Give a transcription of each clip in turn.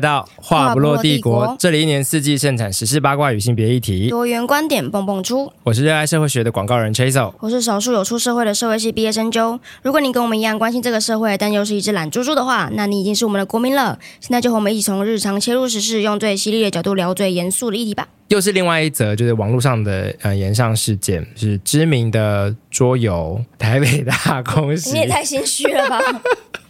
到話不落帝國，這裡一年四季盛產時事八卦與性別議題，多元觀點蹦蹦出。我是熱愛社會學的廣告人 Chasel，我是少數有出社會的社會系畢業生 Joe。如果你跟我們一樣關心這個社會，但又是一隻懶豬豬的話，那你已經是我們的國民了。現在就和我們一起從日常切入時事，用最犀利的角度聊最嚴肅的議題吧。又是另外一則，就是網絡上的呃炎上事件，是知名的桌遊台北大空襲，你也太心虛了吧。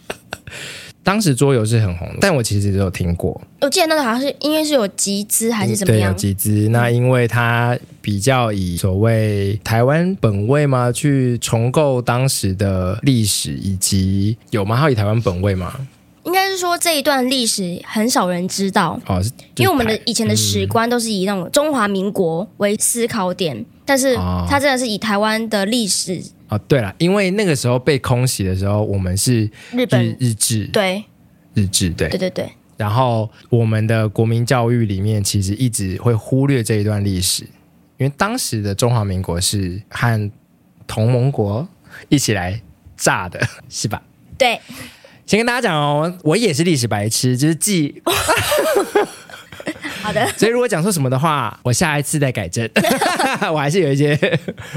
當時桌遊是很紅的，但我其實只有聽過。我、嗯、記得那個好像是因為是有集資還是什麼樣、嗯？對，有集資。那因為它比較以所謂台灣本位嘛，去重構當時的歷史，以及有嗎？它有以台灣本位嗎？應該是說這一段歷史很少人知道，哦、因為我們的以前的史觀都是以那種中華民國為思考點，嗯、但是它真的是以台灣的歷史。哦，對了，因為那個時候被空襲的時候，我們是日、日本日治對，日治對對對對。然後我們的國民教育裡面其實一直會忽略這一段歷史，因為當時的中華民國是和同盟國一起來炸的，是吧？對。先跟大家講哦，我也是歷史白痴，就是記。 好的，所以如果講錯什麼的話，我下一次再改正。 我還是有一些，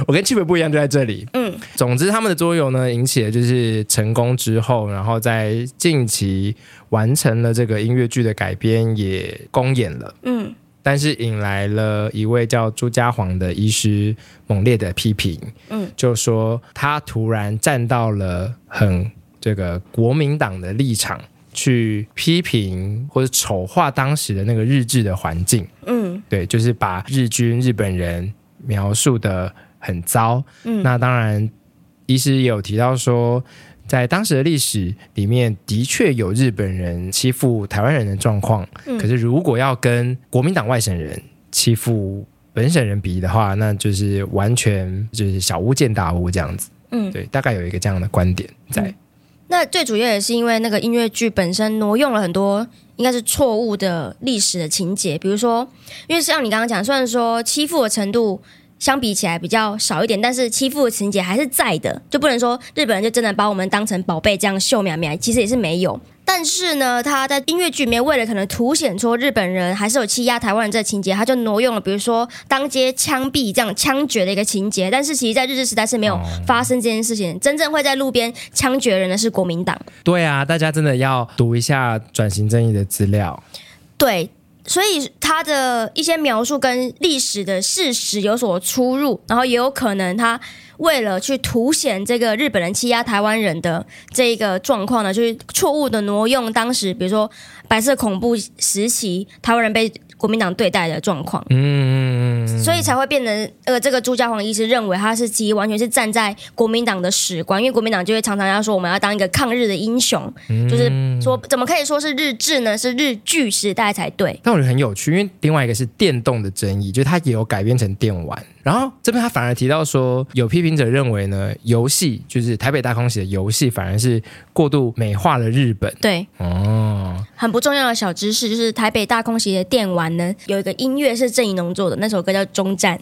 我跟 c 本不一樣就在這裡。嗯，總之他們的桌遊呢，引起了就是成功之後，然後在近期完成了這個音樂劇的改編，也公演了。嗯，但是引來了一位叫朱家煌的醫師猛烈的批評。嗯，就說他突然站到了很這個國民黨的立場。去批評或者醜化當時的那個日治的環境，嗯，對，就是把日軍、日本人描述的很糟。嗯，那當然，醫師也有提到說，在當時的歷史裡面，的確有日本人欺負台灣人的狀況。嗯，可是如果要跟國民黨外省人欺負本省人比的話，那就是完全就是小巫見大巫這樣子。嗯，對，大概有一個這樣的觀點在。嗯那最主要也是因為那個音樂劇本身挪用了很多，應該是錯誤的歷史的情節。比如說，因為像你剛剛講，雖然說欺負的程度相比起來比較少一點，但是欺負的情節還是在的，就不能說日本人就真的把我們當成寶貝這樣惜命命，其實也是沒有。但是呢，他在音樂劇裡面為了可能凸顯出日本人還是有欺壓台灣人這個情節，他就挪用了，比如說當街槍斃這樣槍決的一個情節。但是其實，在日治時代是沒有發生這件事情，嗯、真正會在路邊槍決人的是國民黨。對啊，大家真的要讀一下轉型正義的資料。對，所以他的一些描述跟歷史的事實有所出入，然後也有可能他。為了去凸顯這個日本人欺壓台灣人的這個狀況呢，就是錯誤的挪用當時，比如說白色恐怖時期台灣人被國民黨對待的狀況。嗯，所以才會變成呃，這個朱家煌醫師認為他是其實完全是站在國民黨的史觀，因為國民黨就會常常要說，我們要當一個抗日的英雄。嗯、就是說怎麼可以說是日治呢？是日據時代才對。但我覺得很有趣，因為另外一個是電動的爭議，就是它也有改編成電玩。然後這邊他反而提到說，有批評者認為呢，遊戲就是台北大空襲的遊戲反而是過度美化了日本。對，哦，很不重要的小知識就是台北大空襲的電玩呢，有一個音樂是鄭宜農做的，那首歌叫《終戰》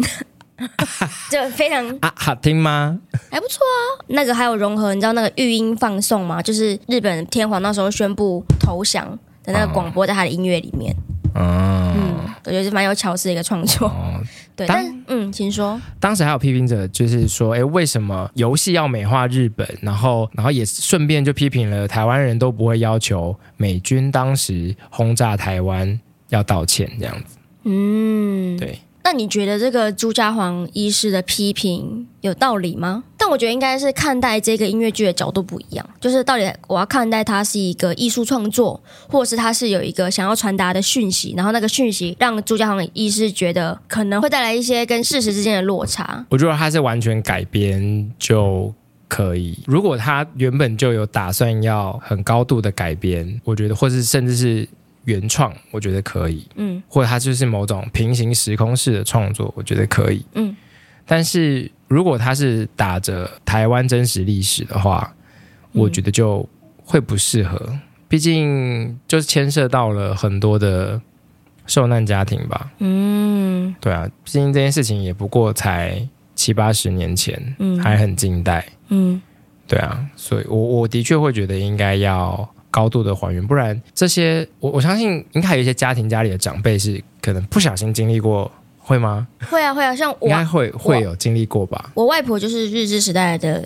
就非常啊，好、啊、聽嗎？還不錯啊。那個還有融合，你知道那個玉音放送嗎？就是日本天皇那時候宣布投降的那個廣播，在他的音樂裡面。哦、嗯，我覺得是蠻有巧思的一個創作。哦對，但嗯，請說。當時還有批評者，就是說，哎、欸，為什麼遊戲要美化日本？然後，然後也順便就批評了台灣人都不會要求美軍當時轟炸台灣要道歉這樣子。嗯，對。那你覺得這個朱家煌醫師的批評有道理嗎？但我覺得應該是看待這個音樂劇的角度不一樣，就是到底我要看待它是一個藝術創作，或是它是有一個想要傳達的訊息，然後那個訊息讓朱家煌醫師覺得可能會帶來一些跟事實之間的落差。我覺得它是完全改編就可以，如果他原本就有打算要很高度的改編，我覺得，或是甚至是。原創我覺得可以，嗯，或者它就是某種平行時空式的創作，我覺得可以，嗯。但是如果它是打着台灣真實歷史的話，我覺得就會不適合，嗯。畢竟就是牽涉到了很多的受難家庭吧，嗯，對啊，畢竟這件事情也不過才七八十年前，嗯，還很近代，嗯，對啊，所以我我的確會覺得應該要。高度的還原，不然這些我我相信應該有一些家庭家裡的長輩是可能不小心經歷過。會嗎？會啊會啊，像我應該會我會有經歷過吧？我。我外婆就是日治時代的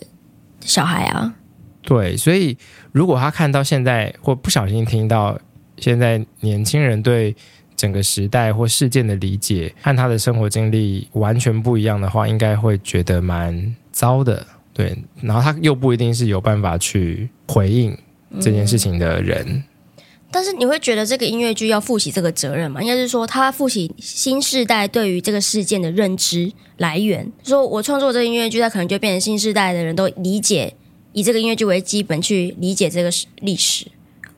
小孩啊。對，所以如果她看到現在或不小心聽到現在年輕人對整個時代或事件的理解，和他的生活經歷完全不一樣的話，應該會覺得蠻糟的。對，然後她又不一定是有辦法去回應這件事情的人，嗯，但是你會覺得這個音樂劇要負起這個責任嗎？應該是說他負起新世代對於這個事件的認知來源。說我創作這個音樂劇，他可能就變成新世代的人都理解，以這個音樂劇為基本去理解這個歷史。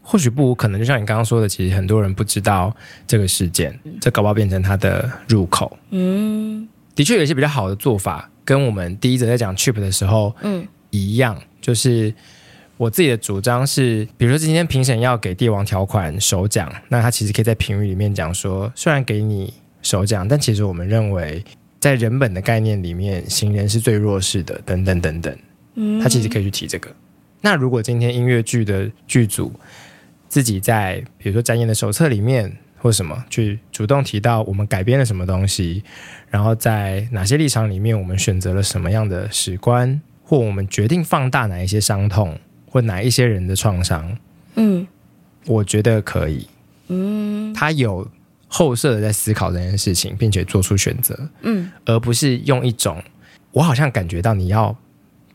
或許不，可能就像你剛剛說的，其實很多人不知道這個事件，這搞不好變成他的入口。嗯，的確有一些比較好的做法，跟我們第一則在講 Chip 的時候，嗯，一樣，嗯、就是。我自己的主張是，比如說今天評審要給帝王條款首獎，那他其實可以在評語裡面講說，雖然給你首獎，但其實我們認為在人本的概念裡面，行人是最弱勢的，等等等等。他其實可以去提這個。嗯、那如果今天音樂劇的劇組自己在，比如說展演的手冊裡面或什麼，去主動提到我們改編了什麼東西，然後在哪些立場裡面我們選擇了什麼樣的史觀，或我們決定放大哪一些傷痛。或哪一些人的創傷，嗯，我覺得可以，嗯，他有後設的在思考這件事情，並且做出選擇，嗯，而不是用一種我好像感覺到你要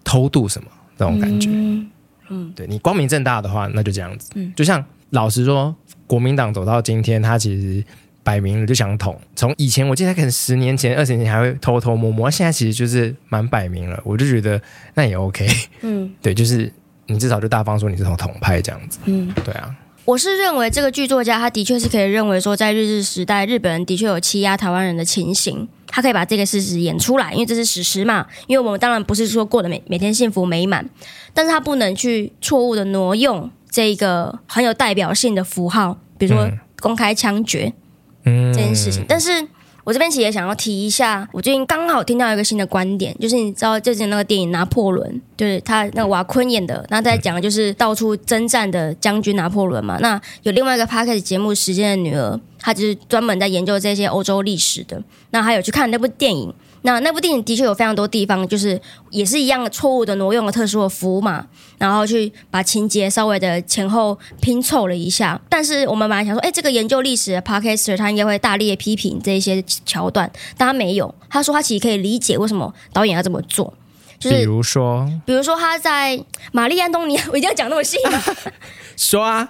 偷渡什麼那種感覺，嗯，嗯，對，你光明正大的話，那就這樣子，嗯，就像老實說，國民黨走到今天，他其實擺明了就想統。從以前我記得，他可能十年前、二十年前還會偷偷摸摸，現在其實就是蠻擺明了。我就覺得那也 OK，嗯，對，就是。你至少就大方說你是同派這樣子，嗯，對啊，我是認為這個劇作家他的確是可以認為說，在日治時代，日本人的確有欺壓臺灣人的情形，他可以把這個事實演出來，因為這是史實嘛。因為我們當然不是說過的每每天幸福美滿，但是他不能去錯誤的挪用這一個很有代表性的符號，比如說公開槍決，嗯，這件事情，但是。我這邊其實也想要提一下，我最近剛好聽到一個新的觀點，就是你知道最近那個電影《拿破崙》，對、就是、他那個瓦昆演的，那在講的就是到處征戰的將軍拿破崙嘛。那有另外一個 podcast 節目《時間的女兒》，她就是專門在研究這些歐洲歷史的，那她有去看那部電影。那那部電影的確有非常多地方，就是也是一樣的錯誤的挪用了特殊的服務嘛，然後去把情節稍微的前後拼湊了一下。但是我們本來想說，哎，這個研究歷史的 Parker，他應該會大力的批評這些橋段，但他沒有。他說他其實可以理解為什麼導演要這麼做。就是比如說，比如說他在瑪麗安東尼，我一定要講那麼細、啊，說啊。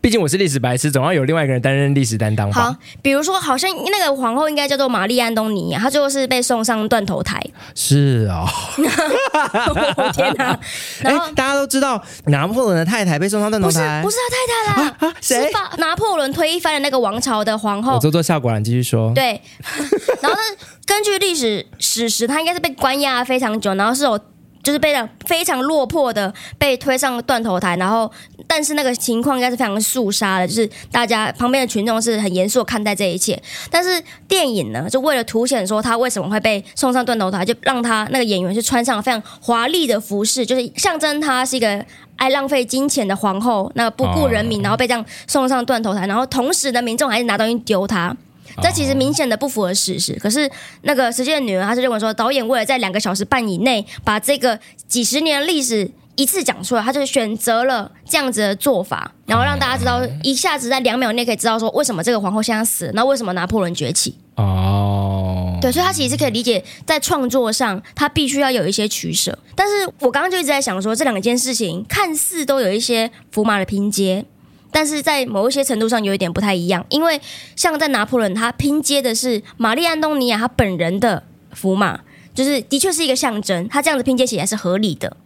畢竟我是歷史白痴，總要有另外一個人擔任歷史擔當。好，比如說，好像那個皇后應該叫做瑪麗·安東尼，她最後是被送上斷頭台。是、哦 哦、啊，天哪！哎、欸，大家都知道拿破崙的太太被送上斷頭台，不是他太太啦、啊，誰、啊？啊、是拿破崙推翻了那個王朝的皇後。我做做效果、啊，你繼續說。對， 然後他根據歷史史實，他應該是被關押非常久，然後是有。就是被非，非常落魄的被推上斷頭台，然後，但是那個情況應該是非常肅殺的，就是大家旁邊的群眾是很嚴肅看待這一切。但是電影呢，就為了凸顯說他為什麼會被送上斷頭台，就讓他那個演員是穿上非常華麗的服飾，就是象徵他是一個愛浪費金錢的皇後，那個、不顧人民，然後被這樣送上斷頭台，然後同時呢，民眾還是拿東西丟他。Oh. 這其實明顯的不符合事實，可是那個時間的女人，她是認為說導演為了在兩個小時半以內把這個幾十年的歷史一次講出來，她就選擇了這樣子的做法，然後讓大家知道一下子，在兩秒內可以知道說為什麼這個皇后現在死了，那為什麼拿破崙崛起？哦，oh. 對，所以她其實是可以理解，在創作上她必須要有一些取捨。但是我剛剛就一直在想說，這兩件事情看似都有一些符碼的拼接，但是在某一些程度上有一點不太一樣，因為像在拿破崙，他拼接的是瑪麗·安東尼婭他本人的符碼，就是的確是一個象徵，他這樣子拼接起來是合理的。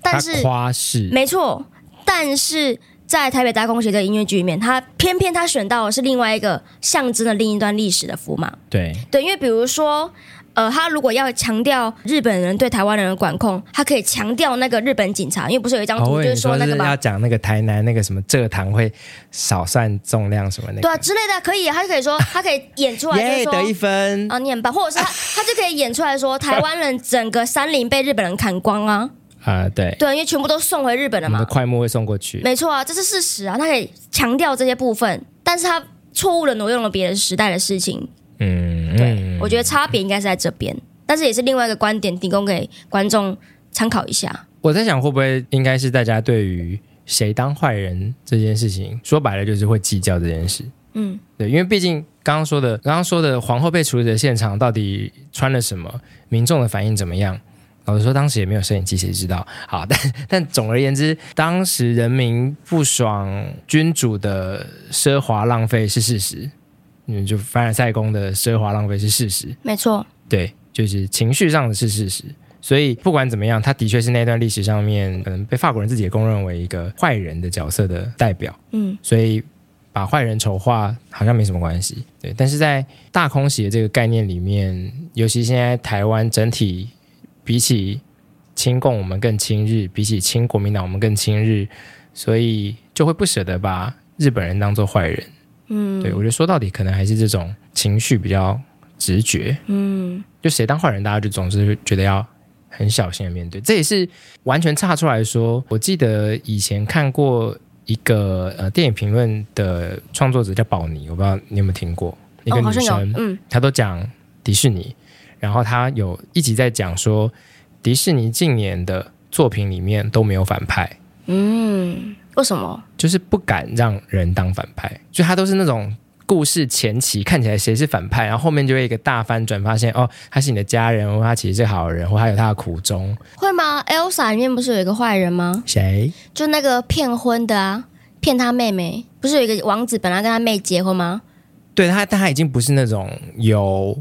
但是誇飾沒錯，但是在台北大空襲的音樂劇裡面，他偏偏他選到的是另外一個象徵的另一段歷史的符碼。對對，因為比如說。呃，他如果要強調日本人對台灣人的管控，他可以強調那個日本警察，因為不是有一張圖、哦、就是說那個嗎？我要講那個台南那個什麼蔗糖會少算重量什麼那個對啊之類的，可以，他就可以說，他可以演出來就是說，你也、 yeah, 得一分啊，你很棒，或者是他他就可以演出來說， 台灣人整個山林被日本人砍光啊啊，對對，因為全部都送回日本人嘛，檜木會送過去，沒錯啊，這是事實啊，他可以強調這些部分，但是他錯誤的挪用了別的時代的事情。嗯，對，嗯、我覺得差別應該是在這邊，嗯、但是也是另外一個觀點，提供給觀眾參考一下。我在想，會不會應該是大家對於誰當壞人這件事情，說白了就是會計較這件事。嗯，對，因為畢竟剛剛說的，剛剛說的皇后被處理的現場到底穿了什麼，民眾的反應怎麼樣？老實說，當時也沒有攝影機，誰知道？好，但但總而言之，當時人民不爽君主的奢華浪費是事實。嗯，就凡爾賽宮的奢華浪費是事實，沒錯。對，就是情緒上的是事實，所以不管怎麼樣，他的確是那段歷史上面，可能被法國人自己也公認為一個壞人的角色的代表。嗯，所以把壞人醜化好像沒什麼關係。對，但是在大空襲的這個概念裡面，尤其現在台灣整體比起親共，我們更親日；比起親國民黨，我們更親日，所以就會不捨得把日本人當做壞人。嗯，對，我覺得說到底，可能還是這種情緒比較直覺。嗯，就誰當壞人，大家就總是覺得要很小心的面對。這也是完全岔出來說。我記得以前看過一個呃電影評論的創作者叫保尼，我不知道你有沒有聽過、哦、一個女生，嗯，她都講迪士尼，然後她有一集在講說迪士尼近年的作品裡面都沒有反派。嗯。為什麼？就是不敢讓人當反派，所以他都是那種故事前期看起來誰是反派，然後後面就會一個大翻轉，發現哦，他是你的家人，或他其實是好人，或他有他的苦衷。會嗎？Elsa 裡面不是有一個壞人嗎？誰？就那個騙婚的啊，騙他妹妹，不是有一個王子本來跟他妹結婚嗎？對他，但他已經不是那種有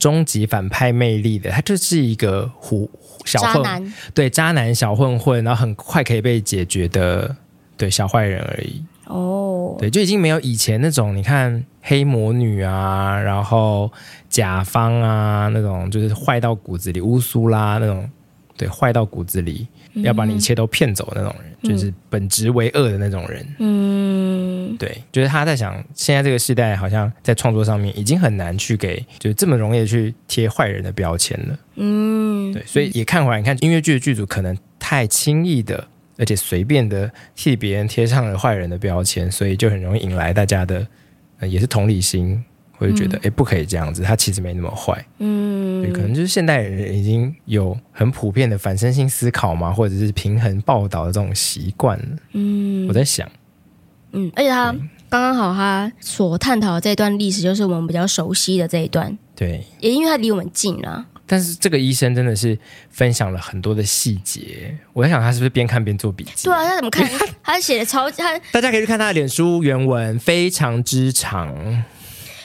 終極反派魅力的，他就是一個胡小混，男，對，渣男小混混，然後很快可以被解決的。對小壞人而已哦，oh. 對，就已經沒有以前那種你看黑魔女啊，然後賈方啊那種，就是壞到骨子裡烏蘇拉。那種，對，壞到骨子裡、mm hmm. 要把你一切都騙走的那種人，mm hmm. 就是本質為惡的那種人。嗯、mm，hmm. 對，就是他在想，現在這個時代好像在創作上面已經很難去給就這麼容易去貼壞人的標籤了。嗯、mm，hmm. 對，所以也看回來，你看音樂劇的劇組可能太輕易的。而且隨便的替別人貼上了壞人的標籤，所以就很容易引來大家的，呃、也是同理心，會覺得哎、嗯欸，不可以這樣子。他其實沒那麼壞，嗯對，可能就是現代人已經有很普遍的反身性思考嘛，或者是平衡報道的這種習慣了。嗯，我在想，嗯，而且他剛剛對好他所探討的這一段歷史，就是我們比較熟悉的這一段，對，也因為他離我們近了。但是這個醫生真的是分享了很多的細節，我在想他是不是邊看邊做筆記？對啊，他怎麼看？他寫的超，他大家可以去看他的臉書原文，非常之長。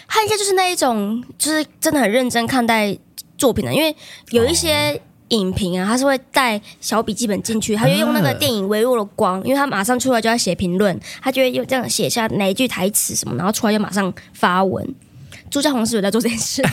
他應該就是那一種，就是真的很認真看待作品的，因為有一些影評啊，他是會帶小筆記本進去，他就用那個電影微弱的光，嗯、因為他馬上出來就要寫評論，他就會用這樣寫下哪一句台詞什麼，然後出來就馬上發文。朱家紅是有在做這件事，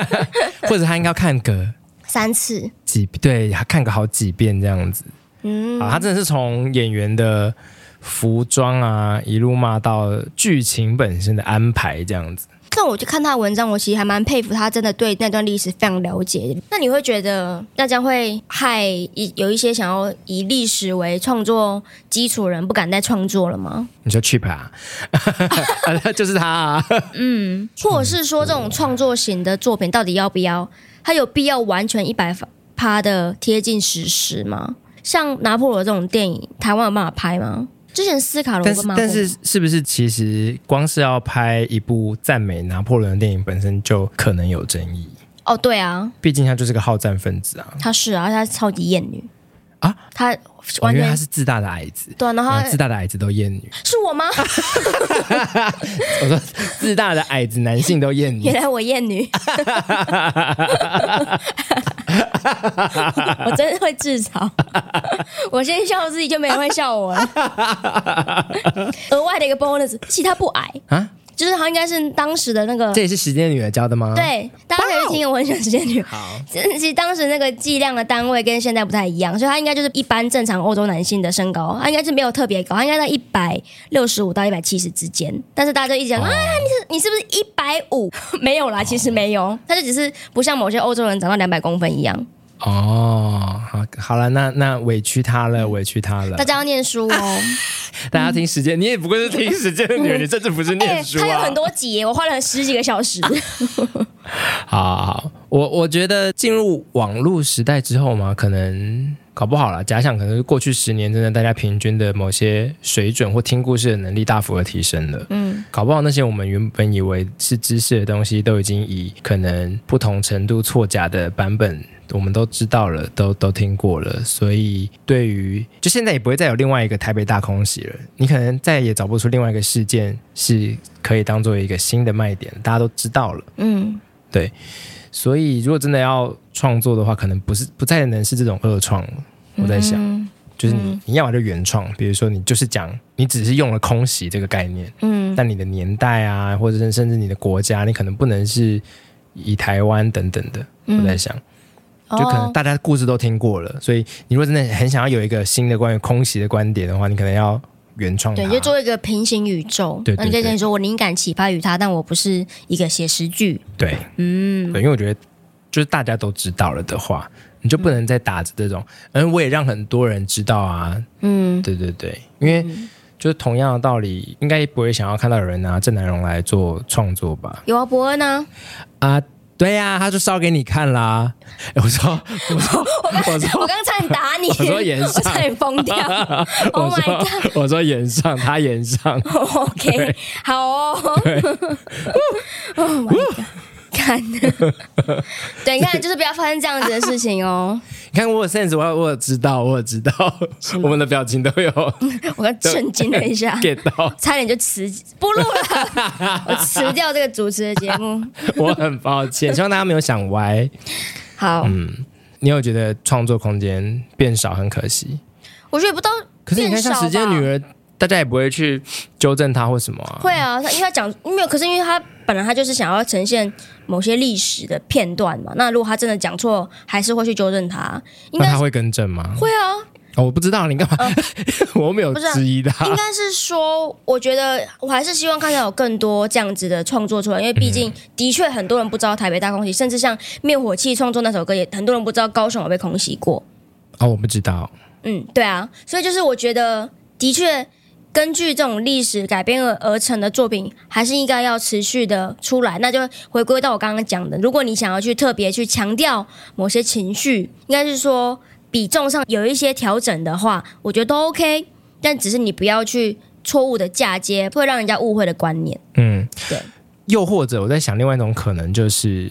或者他應該要看個三次幾遍，對，他看個好幾遍這樣子。嗯，他真的是從演員的服裝啊，一路罵到劇情本身的安排這樣子。但我去看他的文章，我其實還蠻佩服他，真的對那段歷史非常了解的。那你會覺得大家會害一有一些想要以歷史為創作基礎人，不敢再創作了嗎？你說 cheap 啊， 就是他。啊 嗯，或者是說這種創作型的作品到底要不要？他有必要完全一百趴的貼近史實嗎？像拿破崙這種電影，台灣有辦法拍嗎？之前斯卡羅跟嗎？但是是不是其實光是要拍一部讚美拿破崙的電影，本身就可能有爭議？哦，對啊，畢竟他就是個好戰分子啊，他是啊，他是超級厭女。啊，他完、哦，因為他是自大的矮子，對、啊，然後他自大的矮子都厭女，是我嗎？ 我說自大的矮子男性都厭女，原來我厭女 我真的會自嘲， 我先笑我自己，就沒人會笑我了， 額外的一個 bonus，其他不矮啊。就是他應該是當時的那個，這也是時間的女兒教的嗎？對，爆大家可以聽我很喜歡時間女兒。好，其實當時那個計量的單位跟現在不太一樣，所以他應該就是一般正常歐洲男性的身高，他應該是沒有特別高，他應該在一百六十五到一百七十之間。但是大家就一直講，哎呀，哦，你是，啊，你是不是一百五？沒有啦，哦，其實沒有，他就只是不像某些歐洲人長到兩百公分一樣。哦，好，好了，那那委屈他了，嗯，委屈他了。大家要念書哦，喔。啊大家聽時間，嗯、你也不過是聽時間的女人。嗯、你甚至不是念書啊。欸、他有很多集，我花了十幾個小時。啊、好，好好，我我覺得進入網絡時代之後嘛，可能搞不好了。假想，可能是過去十年，真的大家平均的某些水準或聽故事的能力大幅的提升了。嗯，搞不好那些我們原本以為是知識的東西，都已經以可能不同程度錯假的版本。我們都知道了，都都聽過了，所以對於就現在也不會再有另外一個台北大空襲了。你可能再也找不出另外一個事件是可以當做一個新的賣點，大家都知道了。嗯，對。所以如果真的要創作的話，可能不是不再能是這種二創。我在想，嗯、就是你你要麼就原創，比如說你就是講你只是用了空襲這個概念，嗯，但你的年代啊，或者甚至你的國家，你可能不能是以台灣等等的。我在想。嗯就可能大家故事都聽過了，Oh。所以你如果真的很想要有一個新的關於空襲的觀點的話，你可能要原創。對，就做一個平行宇宙。對對對，我就跟你說，我靈感啟發於他，但我不是一個寫實劇。對，嗯，對，因為我覺得就是大家都知道了的話，你就不能再打着這種，嗯，我也讓很多人知道啊。嗯，對對對，因為、嗯、就是同樣的道理，應該也不會想要看到有人拿鄭南榕來做創作吧？有啊，伯恩呢？啊。對呀、啊，他就燒給你看啦！我說，我說，我剛，我，說我剛差點打你，我說炎上，差點瘋掉！哦、 oh，我的天，我說炎上，他炎上、oh，OK，對好哦。我對、 oh 對，你看，就是不要發生這樣子的事情哦。啊、你看，我有 sense，我有我有知道，我知道，嗎 我們的表情都有。 我剛震驚了一下， get 到 差點就辭不錄了， 我辭掉這個主持的節目。 我很抱歉，希望大家沒有想歪。好，嗯，你有覺得創作空間變少很可惜？我覺得不到少，可是你看，像時間女兒。大家也不會去糾正他或什麼啊？會啊，他因為他講沒有，可是因為他本來他就是想要呈現某些歷史的片段嘛。那如果他真的講錯，還是會去糾正他。那他會更正嗎？會啊、哦，我不知道你幹嘛，呃、 我沒有質疑的、啊。應該是說，我覺得我還是希望看到有更多這樣子的創作出來，因為畢竟的確很多人不知道台北大空襲，嗯、甚至像滅火器創作那首歌，也很多人不知道高雄有被空襲過啊、哦。我不知道，嗯，對啊，所以就是我覺得的確。根據這種歷史改編而成的作品，還是應該要持續的出來。那就回歸到我剛剛講的，如果你想要去特別去強調某些情緒，應該是說比重上有一些調整的話，我覺得都 OK。但只是你不要去錯誤的嫁接，不會讓人家誤會的觀念。嗯，對。又或者，我在想另外一種可能，就是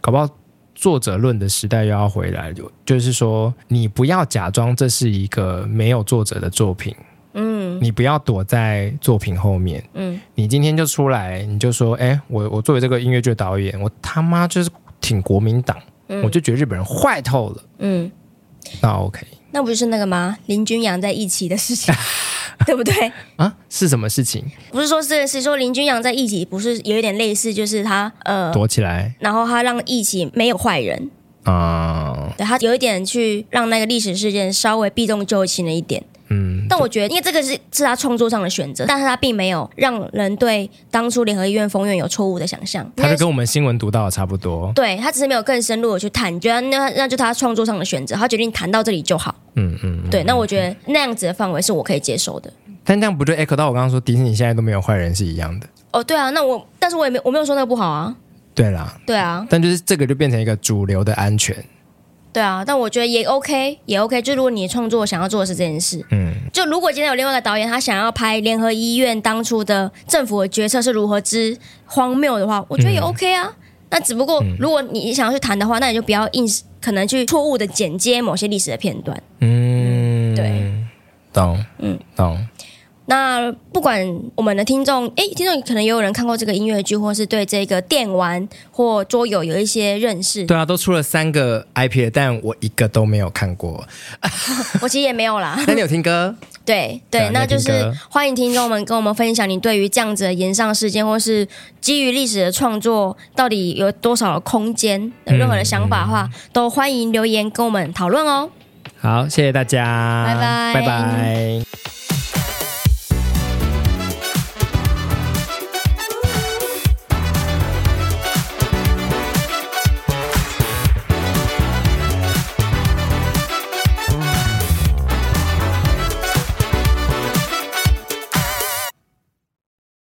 搞不好作者論的時代又要回來，就就是說你不要假裝這是一個沒有作者的作品。你不要躲在作品後面，嗯，你今天就出來，你就說，哎、欸，我我作為這個音樂劇導演，我他媽就是挺國民黨，嗯、我就覺得日本人壞透了，嗯，那 OK，那不是那個嗎？林君陽在疫起的事情， 對不對？啊，是什麼事情？不是說這件事，說林君陽在疫起，不是有一點類似，就是他呃躲起來，然後他讓疫起沒有壞人啊，嗯、對他有一點去讓那個歷史事件稍微避重就輕了一點。嗯，但我覺得，因為這個是是他創作上的選擇，但是他並沒有讓人對當初聯合醫院封院有錯誤的想象。他就跟我們新聞讀到的差不多。對，他只是沒有更深入的去談，就那那就他創作上的選擇，他決定談到這裡就好。嗯嗯，嗯對，嗯、那我覺得、嗯、那樣子的範圍是我可以接受的。但這樣不就誒、欸，可到我剛剛說迪士尼現在都沒有壞人是一樣的？哦，對啊，那我但是我也沒我沒有說那個不好啊。對啦，對啊，但就是這個就變成一個主流的安全。對啊，但我覺得也 OK，也 OK。就如果你創作想要做的是這件事，嗯，就如果今天有另外一個導演他想要拍聯合醫院當初的政府的決策是如何之荒謬的話，我覺得也 OK 啊。那、嗯、只不過如果你想要去談的話，嗯、那你就不要硬可能去錯誤的剪接某些歷史的片段。嗯，對，懂，嗯，懂。那不管我們的聽眾，哎，聽眾可能也有人看過這個音樂劇，或是對這個電玩或桌遊有一些認識。對啊，都出了三個 IP，但我一個都沒有看過。 我其實也沒有啦。那你有聽歌？對對，對啊、那就是歡迎聽眾們跟我們分享你對於這樣子的炎上事件，或是基於歷史的創作，到底有多少的空間？有任何的想法的話，嗯、都歡迎留言跟我們討論哦。好，謝謝大家，拜拜 bye，拜拜。